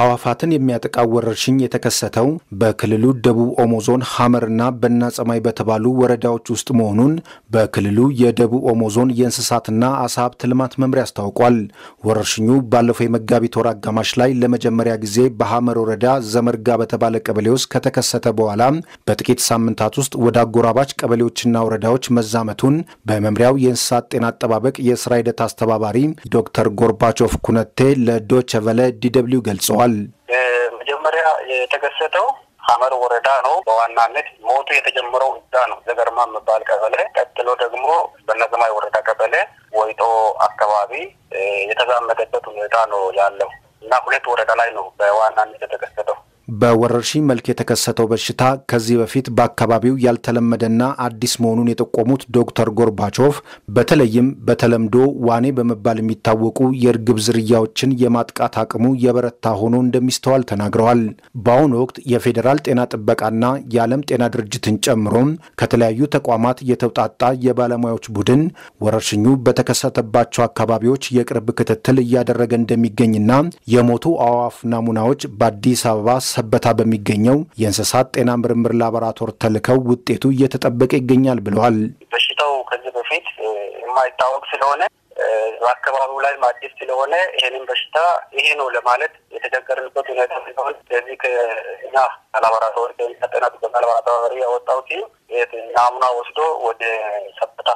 አዋፋትን የሚያጠቃው ወረርሽኝ የተከሰተው በክልሉ ደቡብ ኦሞ ዞን ሐመርና በና ጸማይ በተባሉ ወረዳዎች ውስጥ መሆኑን በክልሉ የደቡብ ኦሞ ዞን የእንስሳትና አሳ ሀብት ልማት መምሪያ አስታውቋል። ወረርሽኙ ባለፈው የመጋቢት ወር አጋማሽ ላይ ለመጀመሪያ ጊዜ በሐመር ወረዳ ዘመርጋ በተባለ ቀበሌ ውስጥ ከተከሰተ በኋላ በጥቂት ሳምንታት ውስጥ ወደ አጎራባች ቀበሌዎችና ወረዳዎች መዛመቱን በመምሪያው የእንስሳት ጤና አጠባበቅ የስራ ሂደት አስተባባሪ ዶክተር ጎርባቾፍ ኩነቴ ለዶቸቨለ ዲደብሊው ገልጸዋል። ገልጸዋል። መጀመሪያ የተከሰተው ሀመር ወረዳ ነው። በዋናነት ሞቱ የተጀመረው እዛ ነው፣ ዘገርማ የሚባል ቀበሌ። ቀጥሎ ደግሞ በነገማይ ወረዳ ቀበሌ ወይጦ አካባቢ የተዛመደበት ሁኔታ ነው ያለው እና ሁለት ወረዳ ላይ ነው በዋናነት የተከሰተው። በወረርሽኝ መልክ የተከሰተው በሽታ ከዚህ በፊት በአካባቢው ያልተለመደና አዲስ መሆኑን የጠቆሙት ዶክተር ጎርባቾቭ በተለይም በተለምዶ ዋኔ በመባል የሚታወቁ የእርግብ ዝርያዎችን የማጥቃት አቅሙ የበረታ ሆኖ እንደሚስተዋል ተናግረዋል። በአሁኑ ወቅት የፌዴራል ጤና ጥበቃና የዓለም ጤና ድርጅትን ጨምሮም ከተለያዩ ተቋማት የተውጣጣ የባለሙያዎች ቡድን ወረርሽኙ በተከሰተባቸው አካባቢዎች የቅርብ ክትትል እያደረገ እንደሚገኝና የሞቱ አዋፍ ናሙናዎች በአዲስ አበባ ሰበታ በሚገኘው የእንስሳት ጤና ምርምር ላቦራቶር ተልከው ውጤቱ እየተጠበቀ ይገኛል ብለዋል። በሽታው ከዚህ በፊት የማይታወቅ ስለሆነ በአካባቢው ላይ አዲስ ስለሆነ ይህንን በሽታ ይሄ ነው ለማለት የተቸገርንበት ሁኔታ ሲሆን ስለዚህ ከእኛ ላቦራቶሪ ጤና ጥበቃ ላቦራቶሪ ያወጣው ቲም ናሙና ወስዶ ወደ ሰበታ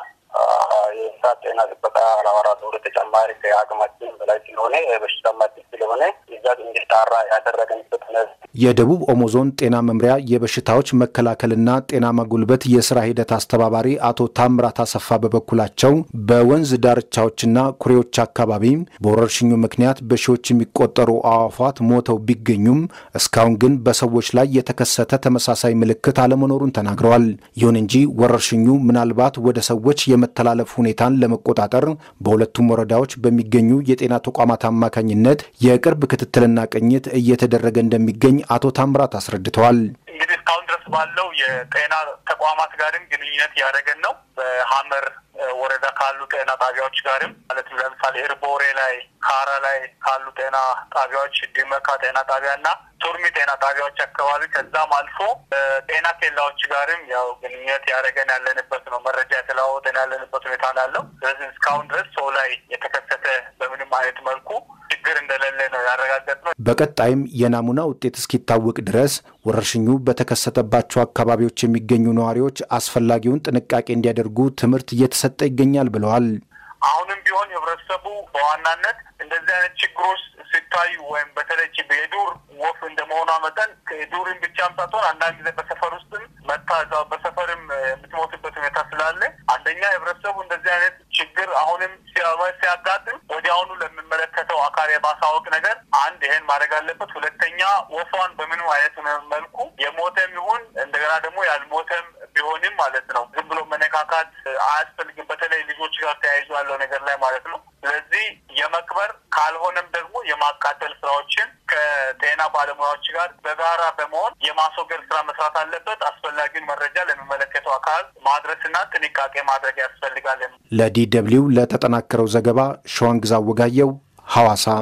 የእንስሳት ጤና ጥበቃ ላቦራቶሪ ተጨማሪ ከአቅማችን በላይ ስለሆነ በሽታ እንዲጣራ ያደረገንበት የደቡብ ኦሞ ዞን ጤና መምሪያ የበሽታዎች መከላከልና ጤና ማጉልበት የስራ ሂደት አስተባባሪ አቶ ታምራት አሰፋ በበኩላቸው በወንዝ ዳርቻዎችና ኩሬዎች አካባቢ በወረርሽኙ ምክንያት በሺዎች የሚቆጠሩ አዋፏት ሞተው ቢገኙም እስካሁን ግን በሰዎች ላይ የተከሰተ ተመሳሳይ ምልክት አለመኖሩን ተናግረዋል። ይሁን እንጂ ወረርሽኙ ምናልባት ወደ ሰዎች የመተላለፍ ሁኔታን ለመቆጣጠር በሁለቱም ወረዳዎች በሚገኙ የጤና ተቋማት አማካኝነት የቅርብ ክትትልና ቅኝት እየተደረገ እንደሚገኝ አቶ ታምራት አስረድተዋል። እንግዲህ እስካሁን ድረስ ባለው የጤና ተቋማት ጋርም ግንኙነት እያደረገን ነው። በሀመር ወረዳ ካሉ ጤና ጣቢያዎች ጋርም ማለት ለምሳሌ እርቦሬ ላይ፣ ካራ ላይ ካሉ ጤና ጣቢያዎች ድመካ ጤና ጣቢያ እና ቱርሚ ጤና ጣቢያዎች አካባቢ ከዛም አልፎ ጤና ኬላዎች ጋርም ያው ግንኙነት ያደረገን ያለንበት ነው። መረጃ የተለዋወጠን ያለንበት ሁኔታ ላለው ስለዚህ እስካሁን ድረስ ሰው ላይ የተከሰተ በምንም አይነት መልኩ ችግር እንደሌለ ነው ያረጋገጥነው። በቀጣይም የናሙና ውጤት እስኪታወቅ ድረስ ወረርሽኙ በተከሰተባቸው አካባቢዎች የሚገኙ ነዋሪዎች አስፈላጊውን ጥንቃቄ እንዲያደርጉ ትምህርት እየተሰጠ ይገኛል ብለዋል። አሁንም ቢሆን ህብረተሰቡ በዋናነት እንደዚህ አይነት ችግሮች ሲታዩ ወይም በተለይ የዱር ወፍ እንደመሆኗ መጠን ከዱርን ብቻም ሳትሆን አንዳንድ ጊዜ በሰፈር ውስጥም መታ በሰፈርም የምትሞትበት ሁኔታ ስላለ አንደኛ ህብረተሰቡ እንደዚህ አይነት ችግር አሁንም ሲያጋጥም የማሳወቅ ነገር አንድ ይሄን ማድረግ አለበት። ሁለተኛ ወፏን በምን አይነት መልኩ የሞተም ይሁን እንደገና ደግሞ ያልሞተም ቢሆንም ማለት ነው ዝም ብሎ መነካካት አያስፈልግም። በተለይ ልጆች ጋር ተያይዞ ያለው ነገር ላይ ማለት ነው። ስለዚህ የመቅበር ካልሆነም ደግሞ የማቃጠል ስራዎችን ከጤና ባለሙያዎች ጋር በጋራ በመሆን የማስወገድ ስራ መስራት አለበት። አስፈላጊውን መረጃ ለሚመለከተው አካል ማድረስና ጥንቃቄ ማድረግ ያስፈልጋል። ለዲ ደብልዩ ለተጠናከረው ዘገባ ሸዋንግዛ ወጋየው ሐዋሳ